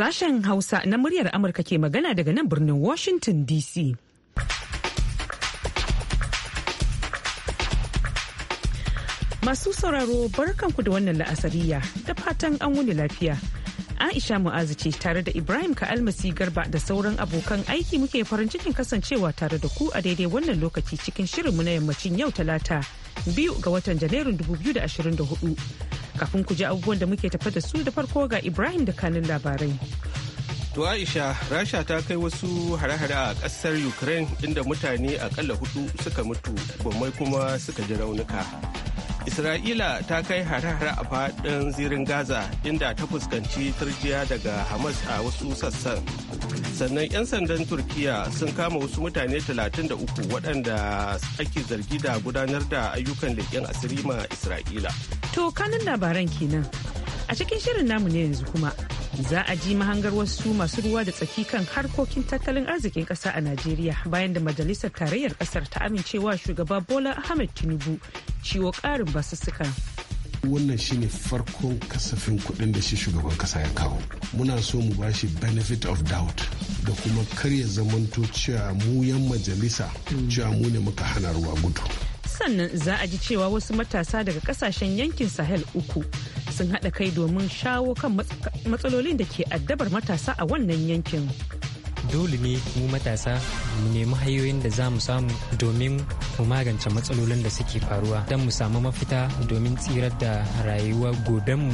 Sashen Hausa na muryar Amurka ke magana daga nan birnin Washington DC. Masu sauraro barkanku da wannan la'asariya da fatan an wuni lafiya. Aisha Mu'azu ce tare da Ibrahim Ka'almasi Garba da sauran abokan aiki muke farin cikin kasancewa tare da ku a daidai wannan lokaci cikin shirinmu na yammacin yau talata biyu ga watan Janairun 2024. Kafin ku ji abubuwan da muke tafa da su da farko ga Ibrahim da kanin labarai. To Aisha, Rasha ta kai wasu hare-hare a ƙasar Ukraine inda mutane akalla hudu suka mutu, bommai kuma suka ji raunuka. Isra'ila ta kai hare-hare a faɗin zirin Gaza inda ta fuskanci turjiya daga Hamas a wasu sassan. Sannan 'yan sandan Turkiya sun kama wasu mutane 33 waɗanda ake zargi da gudanar da ayyukan leƙen asiri ma Isra'ila. To kanin labaran kenan. A cikin shirin namu ne yanzu kuma za a ji mahangar wasu masu ruwa da tsaki kan harkokin tattalin arzikin ƙasa a najeriya bayan da majalisar tarayyar ƙasar ta amincewa shugaba bola ahmed tinubu ciwo karin basussukan wannan shine farkon kasafin kuɗin da shi shugaban kasa ya kawo muna so mu ba shi benefit of doubt da kuma kar ya zamanto cewa mu yan majalisa cewa mu ne muka hana ruwa gudu sannan za a ji cewa wasu matasa daga kasashen yankin sahel uku sun haɗa kai domin shawo kan matsalolin da ke addabar matasa a wannan yankin. dole ne mu matasa mu nemi hanyoyin da za mu samu domin mu magance matsalolin da suke faruwa don mu samu mafita domin tsirar da rayuwa gobenmu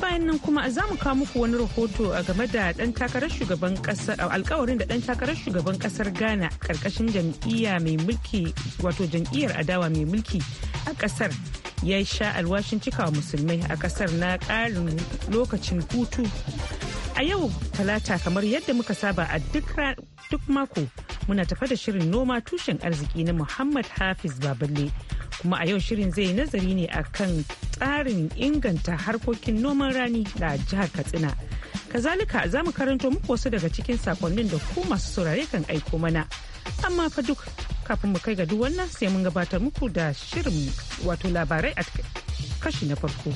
bayan nan kuma za mu kawo muku wani rahoto a game da dan takarar shugaban kasar alkawarin da dan takarar shugaban kasar ghana karkashin jam'iyya mai mulki wato jam'iyyar adawa mai mulki a kasar ya sha alwashin cikawa musulmai a kasar na karin lokacin hutu A yau talata kamar yadda muka saba a duk mako muna tafa da shirin noma tushen arziki na Muhammad Hafiz Baballe. Kuma a yau shirin zai nazari ne a kan tsarin inganta harkokin noman rani da jihar Katsina. Kazalika za mu karanto muku wasu daga cikin sakonnin da ku masu saurare kan aiko mana. Amma fa duk kafin mu kai ga duk wannan sai mun gabatar muku da shirin wato labarai a kashi na farko.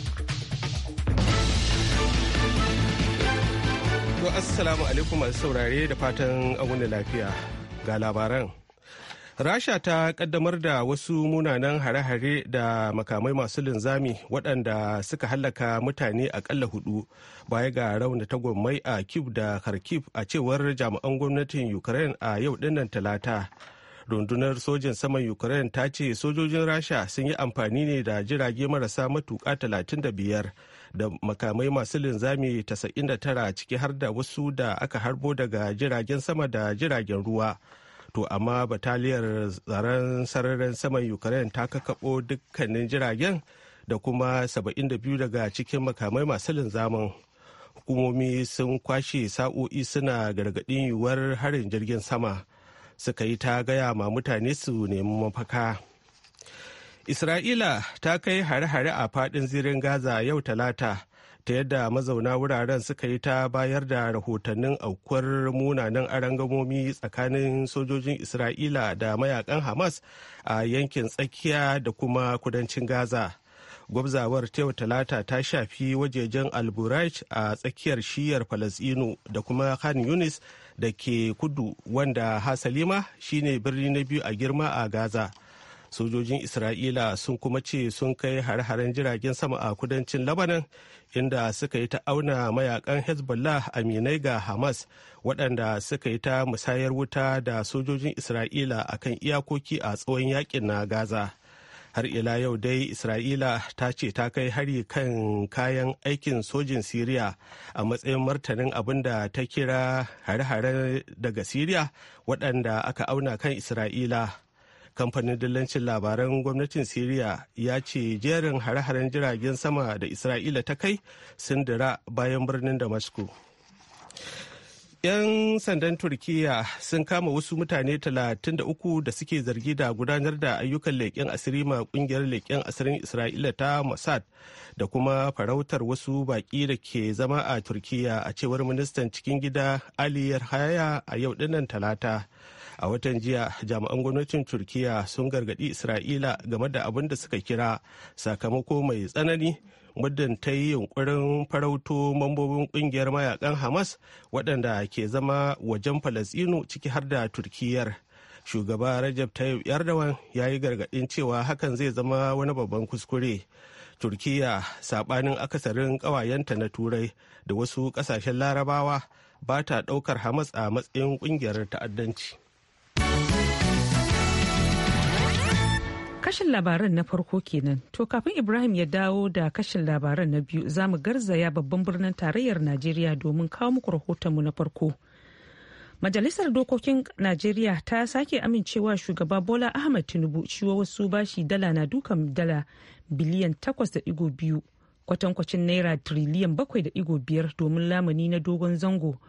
To assalamu alaikum masu saurare da fatan wani lafiya ga labaran. Rasha ta kaddamar da wasu munanan hare-hare da makamai masu linzami waɗanda suka hallaka mutane akalla hudu baya ga rauna tagwammai a Kyiv da Kharkiv a cewar jami'an gwamnatin Ukraine a yau dinnan talata. Rundunar sojin saman Ukraine ta ce sojojin Rasha sun yi amfani ne da jirage marasa matuƙa 35 da makamai masu linzami 99 ciki har da wasu da aka harbo daga jiragen sama da jiragen ruwa to amma bataliyar tsaron sararin saman ukraine ta kakabo dukkanin jiragen da kuma 72 daga cikin makamai masu linzamin hukumomi sun kwashe sa'o'i suna gargaɗin yiwuwar harin jirgin sama suka yi ta gaya ma mutane su nemi mafaka. Isra'ila ta kai hare-hare a faɗin zirin Gaza yau talata ta yadda mazauna wuraren suka yi ta bayar da rahotannin aukuwar munanan arangamomi tsakanin sojojin Isra'ila da mayakan Hamas a yankin tsakiya da kuma kudancin Gaza. Gwabzawar ta yau talata ta shafi wajejen alburaj a tsakiyar shiyar Falasino da kuma Khan Yunis da ke kudu wanda hasalima shine birni na biyu a girma a Gaza. sojojin isra'ila sun kuma ce sun kai har-haren jiragen sama a kudancin labanan inda suka yi ta auna mayakan hezbollah aminai ga hamas waɗanda suka yi ta musayar wuta da sojojin isra'ila a kan iyakoki a tsawon yakin na gaza har ila yau dai isra'ila ta ce ta kai hari kan kayan aikin sojin siriya a matsayin martanin abin da ta kira hare-hare daga siriya waɗanda aka auna kan isra'ila kamfanin dillancin labaran gwamnatin syria ya ce jerin hare-haren jiragen sama da isra'ila ta kai sun dira bayan birnin damasku. 'yan sandan turkiya sun kama wasu mutane 33 da suke zargi da gudanar da ayyukan leƙen asiri ma ƙungiyar leƙen asirin isra'ila ta mossad da kuma farautar wasu baƙi da ke zama a turkiya a cewar ministan cikin gida aliyar haya a yau dinnan talata a watan jiya jami'an gwamnatin turkiya sun gargaɗi isra'ila game da abin da suka kira sakamako mai tsanani muddin ta yi yunkurin farauto mambobin kungiyar mayakan hamas waɗanda ke zama wajen falasino ciki har da turkiyar shugaba rajab tayyip yardawan ya yi gargaɗin cewa hakan zai zama wani babban kuskure turkiya saɓanin akasarin ƙawayenta na turai da wasu ƙasashen larabawa ba ta ɗaukar hamas a matsayin ƙungiyar ta'addanci kashin labaran na farko kenan to kafin ibrahim ya dawo da kashin labaran na biyu za mu garzaya babban birnin tarayyar najeriya domin kawo muku rahotonmu na farko majalisar dokokin najeriya ta sake amincewa shugaba bola ahmed tinubu ciwo wasu bashi dala na dukan dala biliyan 8.2 kwatankwacin naira tiriliyan bakwai triliyan 7.5 domin lamani na dogon zango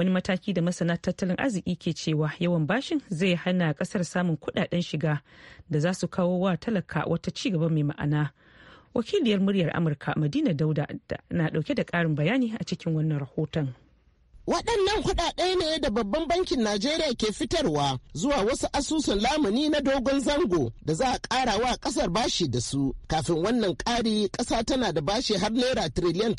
wani mataki da masana tattalin arziki ke cewa yawan bashin zai hana kasar samun kudaden shiga da za su kawo wa talaka wata ci gaba mai ma'ana wakiliyar muryar amurka madina dauda na dauke da karin bayani a cikin wannan rahoton Waɗannan kuɗaɗe ne da babban bankin Najeriya ke fitarwa zuwa wasu asusun lamuni na dogon zango da za a ƙara wa ƙasar bashi da su. Kafin wannan ƙari ƙasa tana da bashi har naira tiriliyan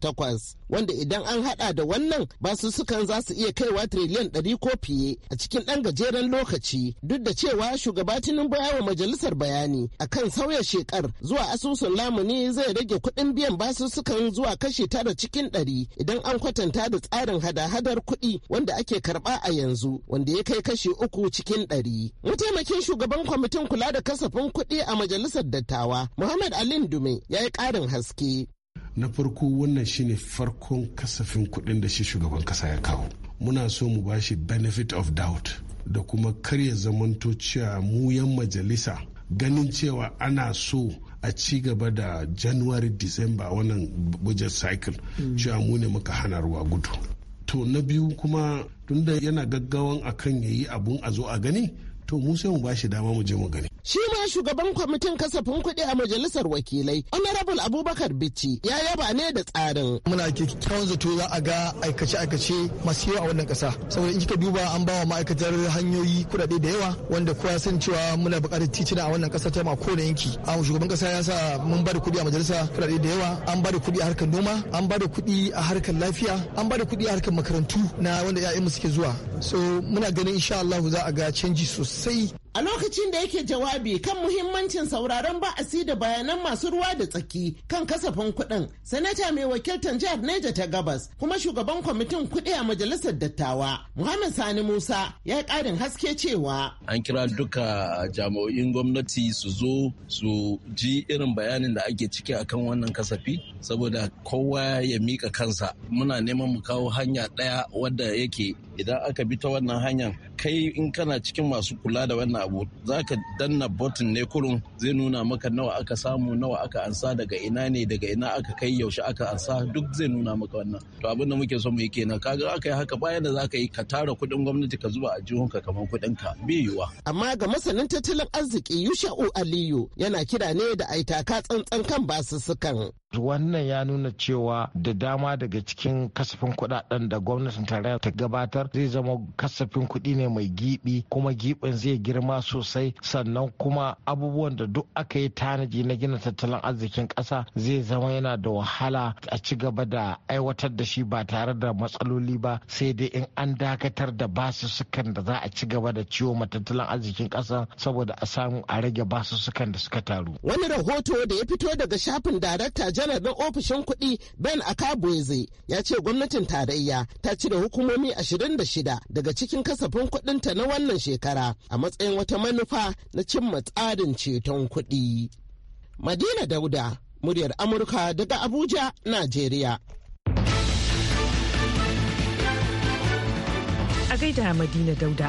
takwas wanda idan an haɗa da wannan sukan za su iya kaiwa tiriliyan ɗari ko fiye a cikin ɗan gajeren lokaci duk da cewa shugaba Tinubu wa majalisar bayani akan sauya shekar zuwa asusun lamuni zai rage kuɗin biyan basu sukan zuwa kashi tara cikin ɗari idan idan an kwatanta da tsarin hada-hadar kuɗi wanda ake karɓa a yanzu wanda ya kai kashi uku cikin ɗari. Mataimakin shugaban kwamitin kula da kasafin kuɗi a majalisar dattawa Muhammad Alin Dume ya yi ƙarin haske. Na farko wannan shine farkon kasafin kuɗin da shi shugaban ƙasa ya kawo. Muna so mu ba shi benefit of doubt da kuma karya zamanto cewa mu yan majalisa ganin cewa ana so a ci gaba da january december wannan budget cycle cewa mu ne muka hana ruwa gudu to na biyu kuma tunda yana gaggawan akan yayi abun a zo a gani to mu sai mu ba shi dama mu je mu gani. Shi ma shugaban kwamitin kasafin kuɗi a majalisar wakilai, Honorable Abubakar Bichi ya yaba ne da tsarin. Muna kyakkyawan zato za a ga aikace-aikace masu yawa a wannan kasa Saboda in kika duba an bawa ma'aikatar hanyoyi kuɗaɗe da yawa wanda kowa san cewa muna buƙatar titina a wannan ƙasa ta ma kowane yanki. A shugaban kasa ya sa mun ba da kuɗi a majalisa kuɗaɗe da yawa, an ba da kuɗi a harkar noma, an ba da kuɗi a harkar lafiya, an ba da kuɗi a harkar makarantu na wanda mu suke zuwa. So muna ganin insha Allah za a ga canji sosai. see a lokacin da yake jawabi kan muhimmancin sauraron ba'asi da bayanan masu ruwa da tsaki kan kasafin kuɗin sanata mai wakiltar jihar neja ta gabas kuma shugaban kwamitin kuɗi a majalisar dattawa muhammad sani musa ya karin haske cewa an kira duka jami'o'in gwamnati su zo su ji irin bayanin da ake ciki akan wannan kasafi saboda kowa ya mika kansa muna neman mu kawo hanya ɗaya wadda yake idan aka bi ta wannan hanyar kai in kana cikin masu kula da wannan abu za ka danna botin ne kurun zai nuna maka nawa aka samu nawa aka ansa daga ina ne daga ina aka kai yaushe aka ansa duk zai nuna maka wannan to abin da muke so mu yi kenan kaga aka yi haka bayan da za ka yi ka tara kuɗin gwamnati ka zuba a jihunka kamar kuɗin ka biyuwa. amma ga masanin tattalin arziki yusha'u aliyu yana kira ne da aitaka tsantsan kan basussukan wannan ya nuna cewa da dama daga cikin kasafin kuɗaɗen da gwamnatin tarayya ta gabatar zai zama kasafin kudi ne mai gibi kuma gibin zai girma sosai sannan kuma abubuwan da duk aka yi tanaji na gina tattalin arzikin kasa zai zama yana da wahala a ci gaba da aiwatar da shi ba tare da matsaloli ba sai dai in an dakatar da basussukan da za a ci gaba da ciwo ma tattalin arzikin kasa saboda a samu a rage basussukan da suka taru. Wani rahoto da ya fito daga shafin darakta jami'in ofishin kuɗi ben akabueze ya ce gwamnatin tarayya ta cire hukumomi 26 daga cikin kasafin kuɗinta na wannan shekara a matsayin wata manufa na cimma tsarin ceton kuɗi madina dauda muryar amurka daga abuja nigeria. a gaida madina dauda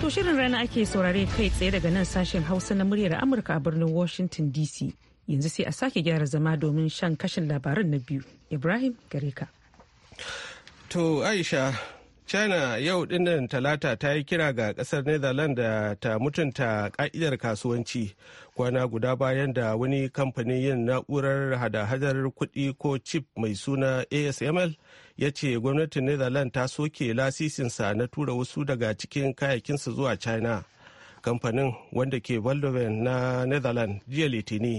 to shirin rana ake saurare kai tsaye daga nan sashen hausa na muryar amurka a birnin washington dc yanzu sai a sake gyara zama domin shan kashin labaran na biyu ibrahim gareka to aisha china yau dinnan talata ta yi kira ga kasar netherlands da ta mutunta ka'idar kasuwanci kwana guda bayan da wani kamfanin yin na'urar hada-hadar kuɗi ko chip mai suna asml ya ce gwamnatin netherlands ta soke lasisinsa na tura wasu daga cikin kayakinsa zuwa china kamfanin wanda ke Valdoven na netherlands jiya litini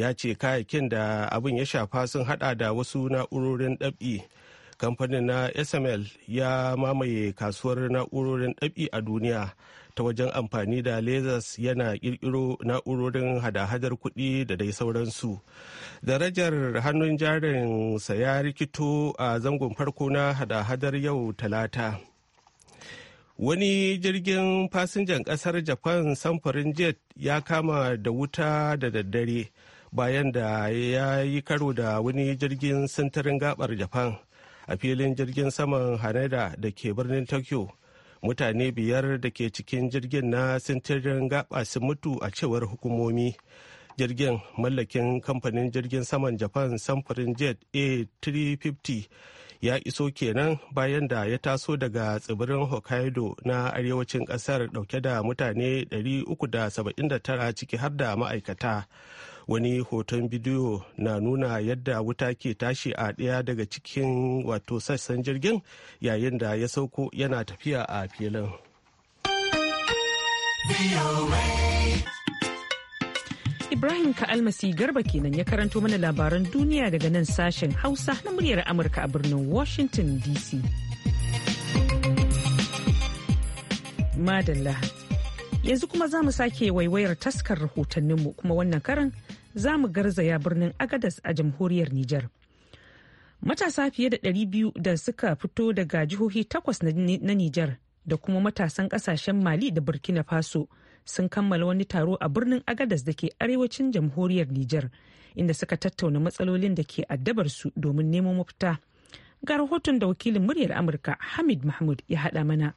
ya ce kayakin da abin ya shafa sun hada da wasu na'urorin dab'i kamfanin na sml ya mamaye kasuwar na'urorin ɗabi a duniya ta wajen amfani da lasers yana kirkiro na'urorin hada-hadar kuɗi da dai sauransu darajar hannun jarin sa ya rikito a zangon farko na hada-hadar yau talata wani jirgin fasinjan kasar japan samfurin jet ya kama da wuta da daddare bayan da ya yi karo da wani jirgin sintirin gabar japan a filin jirgin saman haneda da ke birnin tokyo mutane biyar da ke cikin jirgin na sintirin gaba sun mutu a cewar hukumomi jirgin mallakin kamfanin jirgin saman japan samfurin jet a350 ya iso kenan bayan da ya taso daga tsibirin hokkaido na arewacin kasar dauke da mutane 379 ciki har da ma'aikata wani hoton bidiyo na nuna yadda wuta ke tashi a ɗaya daga cikin wato sassan jirgin yayin da ya sauko yana tafiya a filin. Ibrahim Ka'almasi Garba kenan ya karanto mana labaran duniya daga nan sashen Hausa na muryar Amurka a birnin Washington DC. Madalla. Yanzu kuma za mu sake waiwayar taskar rahotanninmu kuma wannan karan za mu garzaya birnin Agadas a jamhuriyar Nijar. Matasa fiye da 200 da suka fito daga jihohi takwas na Nijar da kuma matasan kasashen Mali da Burkina Faso. sun kammala wani taro a birnin agadas da ke arewacin jamhuriyar Nijar inda suka tattauna matsalolin da ke addabar su domin neman mafita. Ga rahoton da wakilin muryar Amurka Hamid Mahmud ya haɗa mana.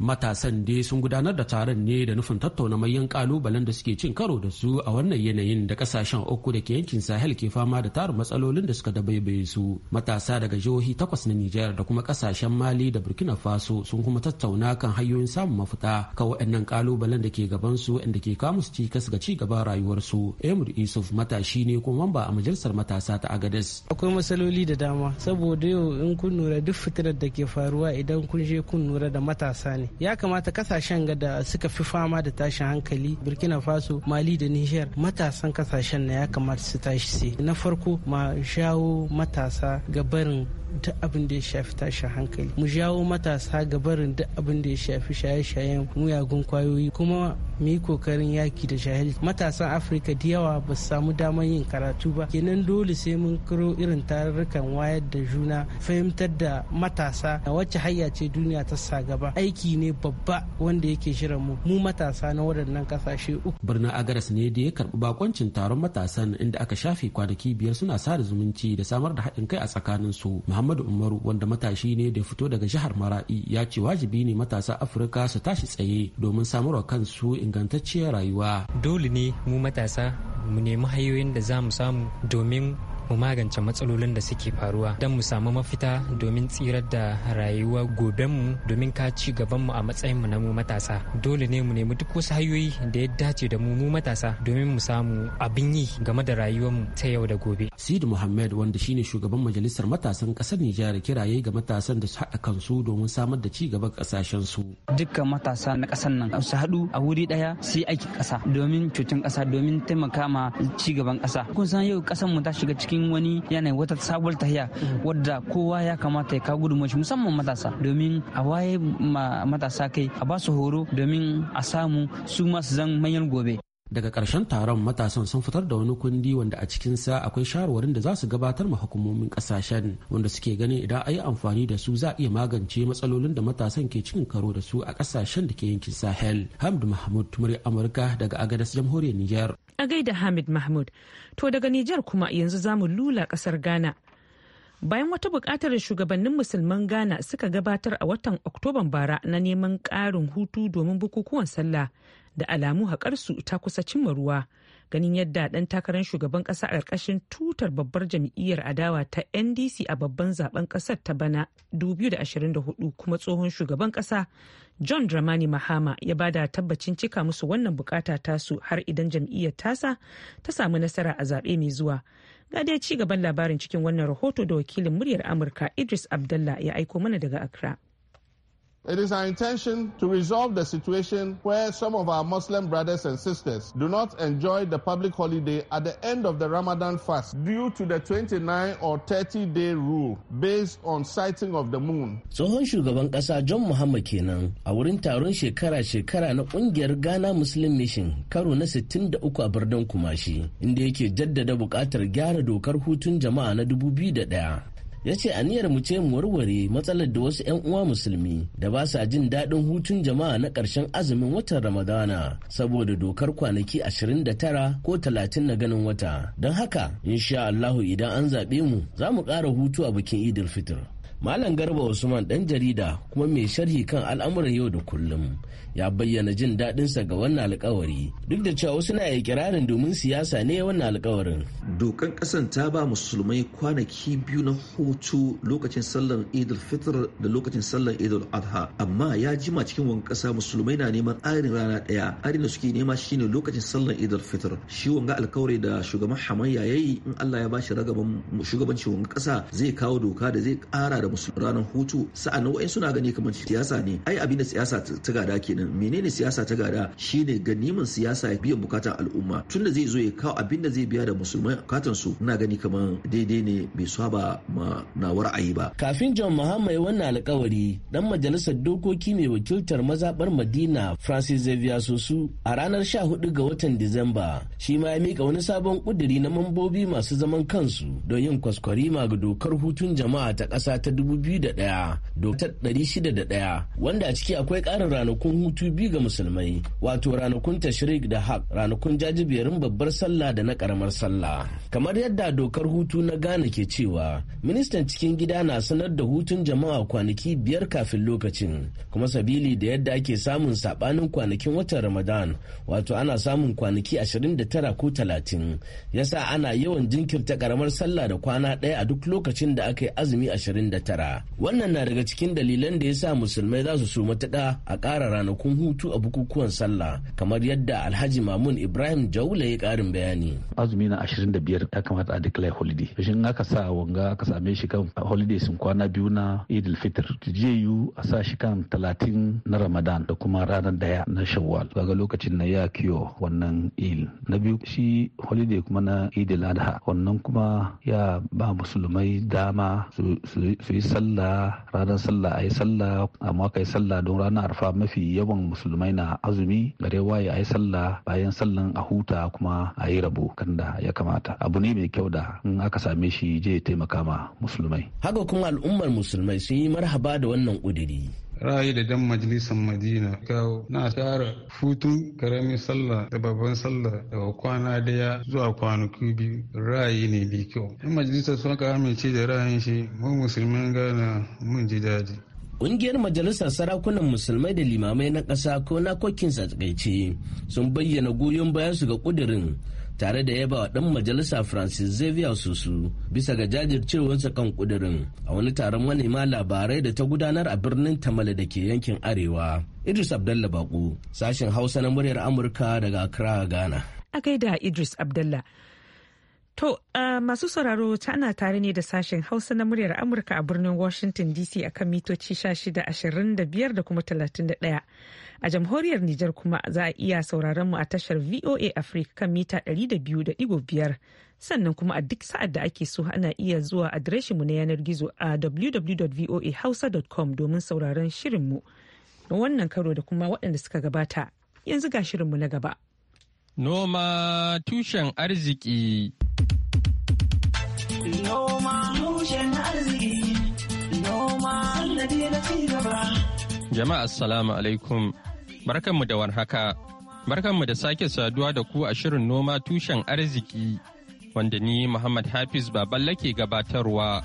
matasan dai sun gudanar da taron ne da nufin tattauna mayan kalubalen da suke cin karo da su a wannan yanayin da kasashen uku da ke yankin sahel ke fama da tarin matsalolin da suka dabaibaye su matasa daga jihohi takwas na nijar da kuma kasashen mali da burkina faso sun kuma tattauna kan hanyoyin samun mafita kan waɗannan kalubalen da ke gaban su inda ke kawo musu cikas ga ci gaban rayuwarsu emir isuf matashi ne kuma mamba a majalisar matasa ta agades akwai matsaloli da dama saboda yau in kun lura duk fitinar da ke faruwa idan kun je kun lura da matasa ne ne ya kamata kasashen da suka fi fama da tashin hankali burkina faso mali da nijar matasan kasashen na ya kamata su tashi sai na farko ma shawo matasa ga barin duk abin da ya shafi tashin hankali mu jawo matasa ga barin duk abin da ya shafi shaye-shayen muyagun kwayoyi kuma mu yi kokarin yaki da jahil matasan afirka da yawa ba su samu damar yin karatu ba kenan dole sai mun kiro irin tarurrukan wayar da juna fahimtar da matasa na wacce hayya ce duniya ta sa gaba aiki ne babba wanda yake shirin mu mu matasa na waɗannan ƙasashe uku birnin agaras ne da ya karɓi bakoncin taron matasan inda aka shafe kwanaki biyar suna sada zumunci da samar da haɗin kai a tsakanin su Muhammadu Umaru wanda matashi ne da fito daga jihar marai ya ce wajibi ne matasa Afirka su tashi tsaye domin samarwa kansu ingantacciyar rayuwa. Dole ne mu matasa mu nemi hanyoyin da za mu samu domin mu magance matsalolin da suke faruwa don mu samu mafita domin tsirar da rayuwa gobenmu domin ka ci gabanmu a matsayinmu na mu matasa dole ne mu nemi duk wasu hanyoyi da ya dace da mu mu matasa domin mu samu abin yi game da rayuwarmu ta yau da gobe. Sidi Muhammad wanda shine shugaban majalisar matasan kasar Nijar kiraye ga matasan da su haɗa kansu domin samar da ci gaban kasashen su. Dukkan matasa na kasar nan su haɗu a wuri ɗaya su yi aikin ƙasa domin cutun ƙasa domin taimaka ma ci gaban ƙasa. Kun san yau ƙasar mu ta shiga cikin cikin wani yanayi wata sabuwar tahiya wadda kowa ya kamata ya kawo gudunmawa musamman matasa domin a waye matasa kai a ba su horo domin a samu su masu zan manyan gobe daga karshen taron matasan sun fitar da wani kundi wanda a cikinsa akwai shawarwarin da za su gabatar ma hukumomin ƙasashen wanda suke ganin idan a yi amfani da su za a iya magance matsalolin da matasan ke cikin karo da su a kasashen da ke yankin sahel hamdu mahmud murya amurka daga agadas jamhuriyar niger a gaida Hamid Mahmud. To daga Nijar kuma yanzu za mu lula kasar Ghana. Bayan wata buƙatar shugabannin musulman Ghana suka gabatar a watan Oktoban bara na neman ƙarin hutu domin bukukuwan sallah da alamu haƙarsu ta kusa cimma ruwa. ganin yadda ɗan takarar shugaban ƙasa a ƙarƙashin tutar babbar jam'iyyar adawa ta ndc a babban zaben ƙasar ta bana 2024 kuma tsohon shugaban ƙasa john dramani mahama ya bada tabbacin cika musu wannan bukata tasu har idan jam'iyyar tasa ta samu nasara a zaɓe mai zuwa ga dai ci gaban labarin cikin wannan rahoto da wakilin muryar amurka idris abdallah ya aiko mana daga accra It is our intention to resolve the situation where some of our Muslim brothers and sisters do not enjoy the public holiday at the end of the Ramadan fast due to the 29 or 30 day rule based on sighting of the moon. Tsohon shugaban kasa John Muhammad kenan a wurin taron shekara-shekara na kungiyar Ghana Muslim Mission karo na 63 a birnin Kumashi inda yake jaddada bukatar gyara dokar hutun jama'a na 2001 ya ce aniyar mu ce mu warware matsalar da wasu 'yan uwa musulmi da ba sa jin daɗin hutun jama'a na ƙarshen azumin watan ramadana saboda dokar kwanaki 29 ko 30 na ganin wata don haka insha Allahu idan an zaɓe mu za mu ƙara hutu a bikin idil fitr Malam Garba Usman ɗan jarida kuma mai sharhi kan al'amuran yau da kullum ya bayyana jin daɗinsa ga wannan alkawari duk da cewa wasu na ikirarin domin siyasa ne wannan alkawarin. Dokan ƙasan ta ba musulmai kwanaki biyu na hutu lokacin sallar Idul Fitr da lokacin sallar Idul Adha amma ya jima cikin wani ƙasa musulmai na neman arin rana ɗaya arin da suke nema shine lokacin sallar Idul Fitr shi wanga alkawari da shugaban hamayya yayi in Allah ya bashi ragaban shugabancin wanga ƙasa zai kawo doka da zai ƙara da musulmai ranar hutu sa'an nan suna gani kamar siyasa ne ai abin da siyasa ta gada kenan kenan menene siyasa ta gada shine ganiman siyasa ya biyan bukatan al'umma tunda zai zo ya kawo abin da zai biya da musulmai bukatan su ina gani kamar daidai ne bai saba ma na ayi ba kafin John Muhammad wannan alƙawari dan majalisar dokoki mai wakiltar mazabar Madina Francis Xavier Sosu a ranar 14 ga watan Disamba shi ma ya mika wani sabon kuduri na mambobi masu zaman kansu don yin kwaskwarima ga dokar hutun jama'a ta ƙasa ta 2001 dokar 601 wanda a ciki akwai ƙarin ranakun hutu. hutu biyu ga musulmai wato ranakun tashrik da haq ranakun jajibiyarin babbar sallah da na karamar sallah kamar yadda dokar hutu na ghana ke cewa ministan cikin gida na sanar da hutun jama'a kwanaki biyar kafin lokacin kuma sabili da yadda ake samun sabanin kwanakin watan ramadan wato ana samun kwanaki ashirin da tara ko 30 yasa ana yawan jinkirta karamar sallah da kwana ɗaya a duk lokacin da aka yi azumi ashirin da tara wannan na daga cikin dalilan da yasa musulmai za su so matuɗa a ƙara ranakun ranakun hutu a bukukuwan sallah kamar yadda alhaji mamun ibrahim jaula ya karin bayani azumi na 25 ya kamata a declare holiday shin aka sa wanga aka same shi kan holiday sun kwana biyu na idil fitr jiyu a sa shi kan 30 na ramadan da kuma ranar daya na shawwal daga lokacin na ya kiyo wannan il na biyu shi holiday kuma na idil adha wannan kuma ya ba musulmai dama su yi sallah ranar sallah a yi sallah amma ka yi sallah don ranar arfa mafi yawan yawan musulmai na azumi gare waye a yi sallah bayan sallan a huta kuma a yi rabo kan da ya kamata abu ne mai kyau da in aka same shi je taimaka ma musulmai haka kuma al'ummar musulmai sun yi marhaba da wannan ƙuduri ra'ayi da dan majalisar madina kawo na tara hutun karamin sallah da babban sallah daga kwana daya zuwa kwanaki biyu ra'ayi ne mai kyau in majalisar sun ka amince da ra'ayin shi mu musulman gana mun ji daji Ƙungiyar Majalisar Sarakunan Musulmai da Limamai na ƙasa ko na kokinsa takaice sun bayyana goyon bayan su ga ƙudurin tare da yaba wa ɗan majalisa Francis Xavier Susu bisa ga jajircewarsa kan kudirin a wani taron manema labarai da ta gudanar a birnin Tamale da ke yankin Arewa. Idris Abdalla Bako, sashen Hausa na muryar Amurka daga Accra, Ghana. A gaida Idris Abdalla. To, masu sauraro ta ana tare ne da sashen Hausa na muryar Amurka a birnin Washington DC akan mitoci 1625 da kuma 31. A jamhuriyar Nijar kuma za a iya sauraron mu a tashar VOA Africa kan mita 200.5 sannan kuma a duk sa'ad da ake so ana iya zuwa adireshin mu na yanar gizo a www.voahausa.com domin sauraron shirinmu na wannan karo da kuma waɗanda suka gabata. Yanzu ga shirinmu na gaba. Noma tushen arziki. tushen arziki noma na Jama'a assalamu alaikum barkanmu da warhaka barkanmu da sake saduwa da ku a shirin noma tushen arziki wanda ni Muhammad Hafiz baban lake gabatarwa.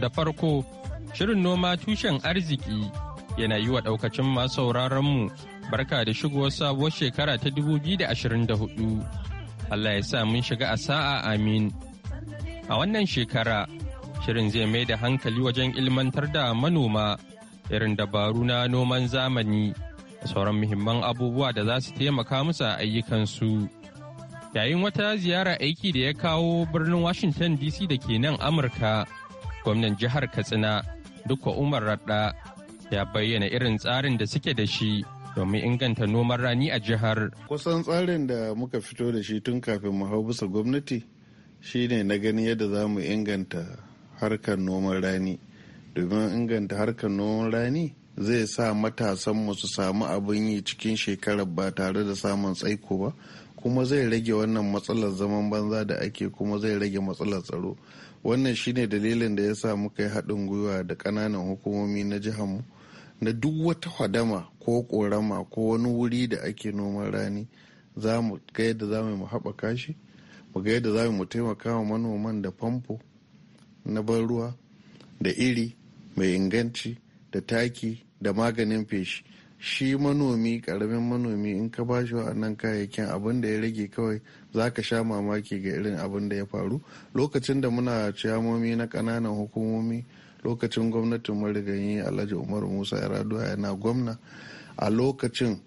Da farko, shirin noma tushen arziki yana yi wa ɗaukacin masu mu. barka da shigowar sabuwar shekara ta 2024. Allah ya sa mun shiga a sa'a amin. A wannan shekara, shirin zai mai da hankali wajen ilmantar da manoma irin dabaru na noman zamani da sauran muhimman abubuwa da za su taimaka musu a ayyukansu. Yayin wata ziyara aiki da ya kawo birnin Washington DC da ke nan Amurka, gwamnan jihar Katsina, Dukwa Umar Radda, ya bayyana irin tsarin da suke da shi. domin inganta noman rani a jihar. Kusan tsarin da muka fito da shi tun kafin mu hau bisa gwamnati shine na gani yadda za mu inganta harkar noman rani. Domin inganta harkar noman rani zai sa matasanmu su samu abin yi cikin shekarar ba tare da samun tsaiko ba kuma zai rage wannan matsalar zaman banza da ake kuma zai rage matsalar tsaro wannan shine dalilin da ya sa muka yi haɗin gwiwa da ƙananan hukumomi na mu na duk wata hadama ko korama ko wani wuri da ake noman rani za mu ga yadda za mu haɓaka shi mu ga yadda za mu taimaka wa manoman da famfo na ban ruwa da iri mai inganci da taki da maganin feshi shi manomi karamin manomi in ka bashi wa'annan kayayyakin abin da ya rage kawai za ka sha mamaki ga irin abin da ya faru lokacin da muna ciyamomi na ƙananan hukumomi lokacin gwamnatin marigayi alhaji umar musa yaraduwa yana gwamna a lokacin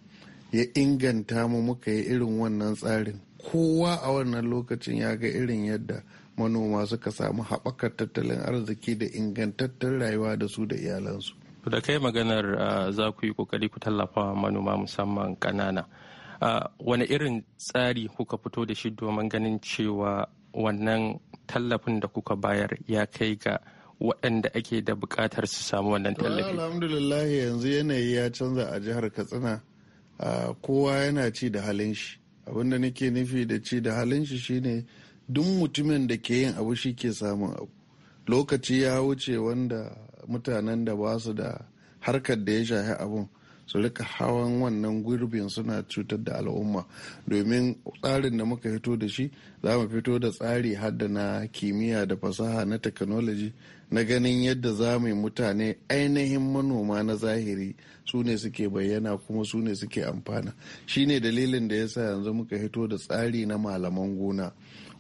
ya inganta mu muka yi irin wannan tsarin kowa a wannan lokacin ya ga irin yadda manoma suka samu haɓakar tattalin arziki da ingantattun rayuwa da su da iyalansu da kai maganar ah, za ku yi kokari ku tallafa manoma musamman ƙanana ah, wani irin tsari kuka fito da shi domin ganin cewa wannan tallafin da kuka bayar ya kai ga waɗanda ake da buƙatar su samu wannan ah, tallafi alhamdulillah yanzu yanayi ya canza a jihar katsina ah, kowa yana ci da halin shi abin da nake nufi da ci da halin shi shine duk mutumin da ke yin abu shi ke samun abu lokaci ya wuce wanda mutanen da ba su da harkar da ya shahi abun su rika hawan wannan gurbin suna cutar da al'umma domin tsarin da muka fito da shi za mu fito da tsari hada na kimiyya da fasaha na technology na ganin yadda za mu yi mutane ainihin manoma na zahiri su ne suke bayyana kuma su ne suke amfana shi ne dalilin da ya sa yanzu muka fito da tsari na malaman gona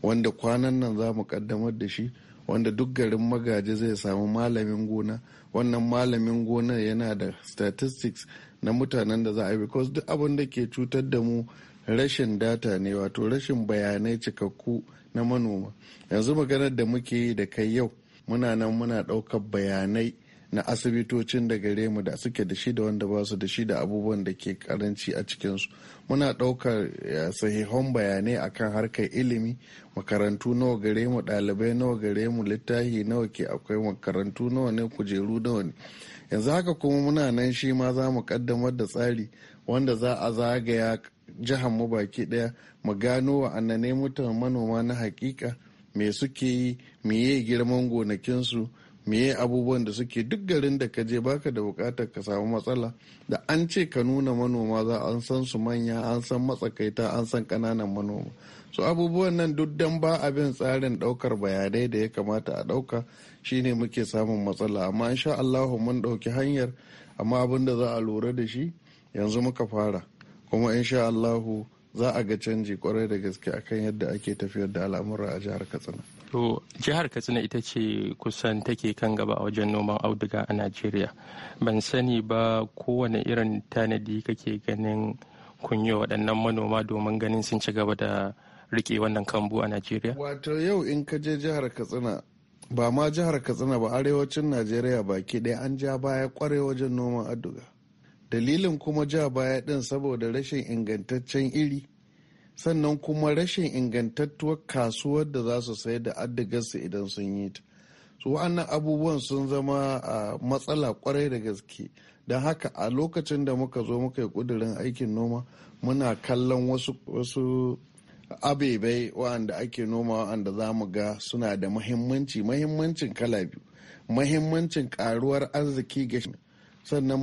wanda kwanan nan za mu kaddamar da shi wanda duk garin magaji zai samu malamin gona wannan malamin gona yana da statistics na mutanen da za a yi because duk abin da ke cutar da mu rashin data ne wato rashin bayanai cikakku na manoma yanzu maganar da muke yi da kai yau muna nan muna ɗaukar bayanai na asibitocin da gare mu da suke da shi da wanda ba su da shi da abubuwan da ke karanci a cikinsu muna ɗaukar eh, sahihan bayanai akan harkar ilimi makarantu nawa gare mu ɗalibai nawa gare mu littafi nawa ke akwai makarantu nawa ne kujeru nawa ne yanzu haka kuma muna nan shi ma za mu kaddamar da tsari wanda za a zagaya jihar mu baki daya mu gano wa ananai mutum manoma na hakika me suke yi yi girman gonakinsu meye abubuwan da suke duk garin da ka je baka da bukatar ka samu matsala da an ce ka nuna manoma za an san su manya an san matsakaita an san kananan manoma su abubuwan nan duk dan ba abin tsarin daukar bayanai da ya kamata a dauka shine muke samun matsala amma insha Allah mun dauki hanyar amma abin da za a lura da shi yanzu muka fara kuma insha Allah za a ga canji kwarai da gaske akan yadda ake tafiyar da al'amura a jihar Katsina To jihar Katsina ita ce kusan take kan gaba a wajen noman auduga a Najeriya. Ban sani ba kowane irin tanadi kake ganin kunyo waɗannan manoma domin ganin sun ci gaba da rike wannan kambu a Najeriya. Wato yau in ka je jihar Katsina ba ma jihar Katsina ba arewacin Najeriya baki ɗaya an ja baya kware wajen noman auduga. Dalilin kuma ja baya ɗin saboda rashin ingantaccen iri sannan kuma rashin ingantattuwar kasuwar da za su sayar da addigarsu idan sun yi ta su wa'annan abubuwan sun zama a matsala kwarai da gaske don haka a lokacin da muka zo muka yi kudurin aikin noma muna kallon wasu abebai wa'anda ake noma wa'anda za mu ga suna da mahimmanci mahimmancin kala biyu mahimmancin karuwar arziki ga sannan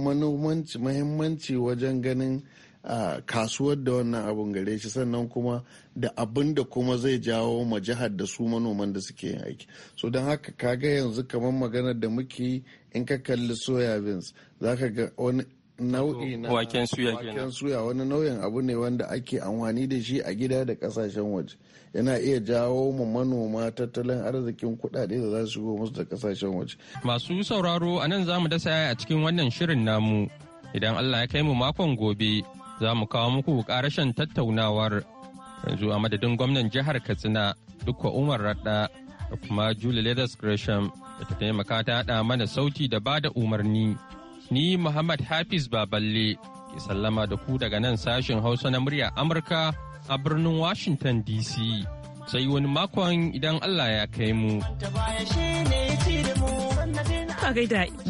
mahimmanci wajen ganin a kasuwar da wannan abun gare shi sannan kuma da abin da kuma zai jawo ma jihar da su manoman da suke yin aiki so don haka kaga yanzu kamar maganar da muke in ka kalli soya beans za ka ga wani nau'i na waken suya suya wani nau'in abu ne wanda ake amfani da shi a gida da kasashen waje yana iya jawo ma manoma tattalin arzikin kuɗaɗe da za su shigo musu da kasashen waje masu sauraro a nan za mu dasa a cikin wannan shirin namu idan allah ya kai mu makon gobe za mu kawo muku karashen tattaunawar yanzu a madadin gwamnan jihar katsina dukwa umar radda da kuma julie leathers gresham da ta taimaka ta haɗa mana sauti da ba da umarni ni muhammad hafiz baballe ke sallama da ku daga nan sashen hausa na murya amurka a birnin washington dc sai wani makon idan allah ya kai mu.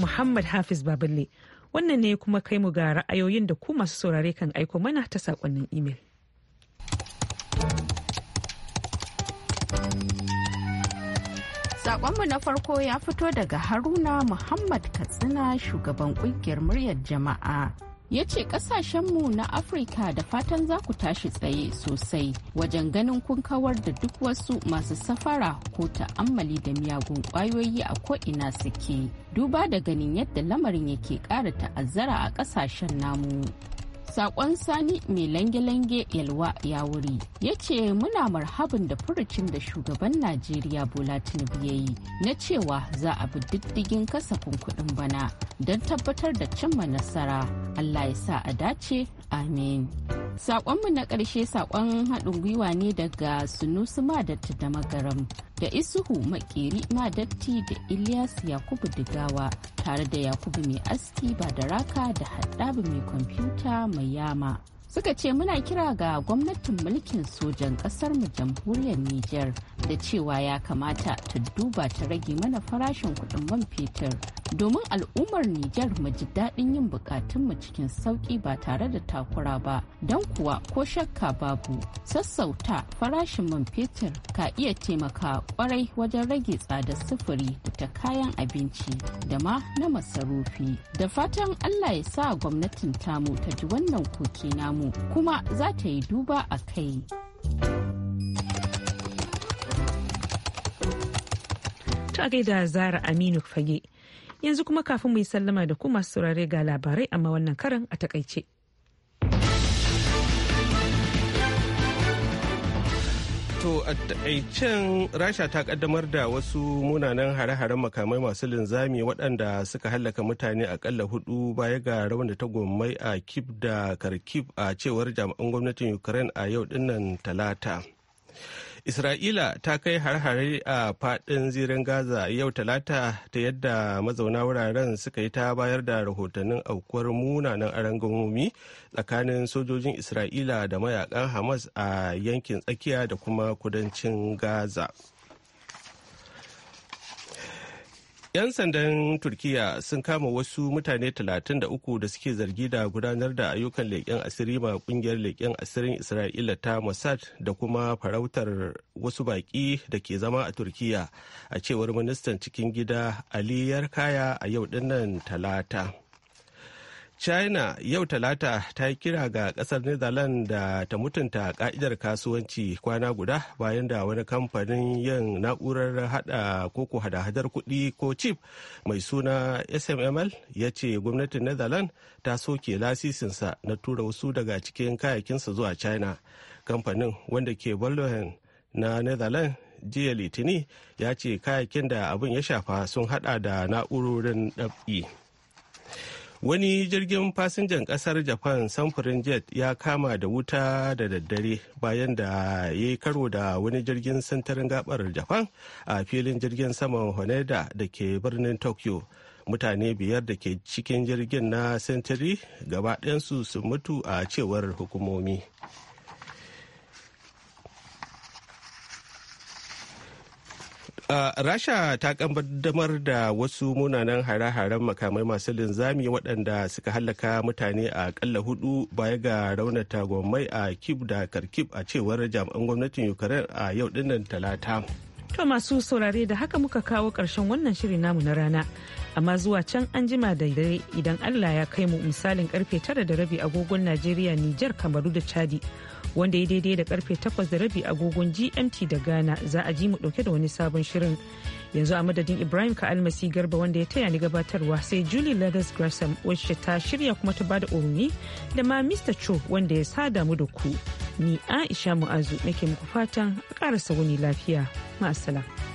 muhammad hafiz baballe Wannan ne kuma kai mu ga ra'ayoyin da ku masu saurare kan aiko mana ta sakonnin imel. Sakonmu na farko ya fito daga Haruna Muhammad Katsina shugaban kungiyar muryar jama'a ya ce kasashenmu na afirka da fatan za ku tashi tsaye sosai wajen ganin kun kawar da duk wasu masu safara ko ta'ammali da miyagun kwayoyi a ko'ina suke duba da ganin yadda lamarin yake ƙara ta'azzara a ƙasashen namu Sakon Sani mai lange-lange yalwa ya wuri ya ce muna marhabin da furucin da shugaban Najeriya Bola Tinubu ya yi na cewa za a bi diddigin kasafin kuɗin bana don tabbatar da cimma nasara. Allah ya sa a dace. Amin. saƙonmu na ƙarshe saƙon haɗin gwiwa ne daga sunusuma Madat da garam. da isuhu makeri madatti da ilyas yakubu digawa tare da yakubu mai aski ba da raka da haddabu mai kwamfuta mai yama suka ce muna kira ga gwamnatin mulkin sojan kasar mu jamhuriyar niger da cewa ya kamata ta duba ta rage mana farashin kuɗin man fetur domin al'ummar Nijar mu ji daɗin yin mu cikin sauƙi ba tare da takura ba don kuwa ko shakka babu sassauta farashin man fetur ka iya taimaka kwarai wajen rage tsadar sufuri da ta kayan abinci da ma na masarufi da fatan Allah ya sa gwamnatin tamu ta ji wannan koke namu kuma za ta yi duba a kai. To gaida Zara Aminu Fage. Yanzu kuma kafin mu yi sallama da kuma saurare ga labarai amma wannan karan a takaice. To a taƙaicen Rasha ta kaddamar da wasu munanan hare-haren makamai masu linzami waɗanda suka hallaka mutane akalla hudu baya ga rawan da ta gommai a Kif da Kharkiv a cewar jami'an gwamnatin Ukraine a yau dinnan talata. Isra'ila ta kai har-hare a fadin zirin Gaza yau talata ta yadda mazauna wuraren suka yi ta bayar da rahotannin aukuwar munanan arangamomi tsakanin sojojin Isra'ila da mayakan Hamas a yankin tsakiya da kuma kudancin Gaza. 'Yan sandan Turkiyya sun kama wasu mutane 33 da suke zargi da gudanar da ayyukan leƙen asiri ma kungiyar leƙen asirin Isra'ila ta Mossad da kuma farautar wasu baƙi da ke zama a Turkiyya a cewar ministan cikin gida aliyar kaya a yau dinnan talata. china yau talata ta yi kira ga kasar netherlands da ta mutunta ka'idar kasuwanci kwana guda bayan da wani kamfanin yin na'urar hada koko hada-hadar kuɗi ko chip mai suna sml ya ce gwamnatin netherlands ta soke lasisinsa na tura wasu daga cikin kayakinsa zuwa china kamfanin wanda ke berlin na netherlands jiya litini ya ce kayakin da abin ya shafa sun hada da na'urorin dab'i. wani jirgin fasinjan kasar japan samfurin jet ya kama da wuta da daddare bayan da ya yi karo da wani jirgin santarin gabar japan a filin jirgin saman honeda da ke birnin tokyo mutane biyar da ke cikin jirgin na sentiri gaba ɗayansu sun mutu a cewar hukumomi Uh, Rasha ta kambar da wasu munanan hare-haren makamai masu linzami waɗanda suka hallaka mutane a ƙalla hudu baya ga raunata gwamnati a Kib da Kharkiv a cewar jami'an gwamnatin Ukraine a yau dinnan talata. To masu saurare da haka muka kawo ƙarshen wannan shirin namu na rana. Amma zuwa can an jima da dare idan Allah ya kai mu misalin karfe tara da rabi agogon Najeriya, Nijar, Kamaru da Chadi. wanda ya daidai da karfe 8:30 agogon gmt da ghana za a ji mu dauke da wani sabon shirin yanzu a madadin ibrahim ka almasi garba wanda ya taya ni gabatarwa sai julie leathers gresham wacce ta shirya kuma ta bada umarni da ma mr cho wanda ya sada mu da ku ni aisha mu'azu nake muku fatan a karasa wani lafiya ma'asala.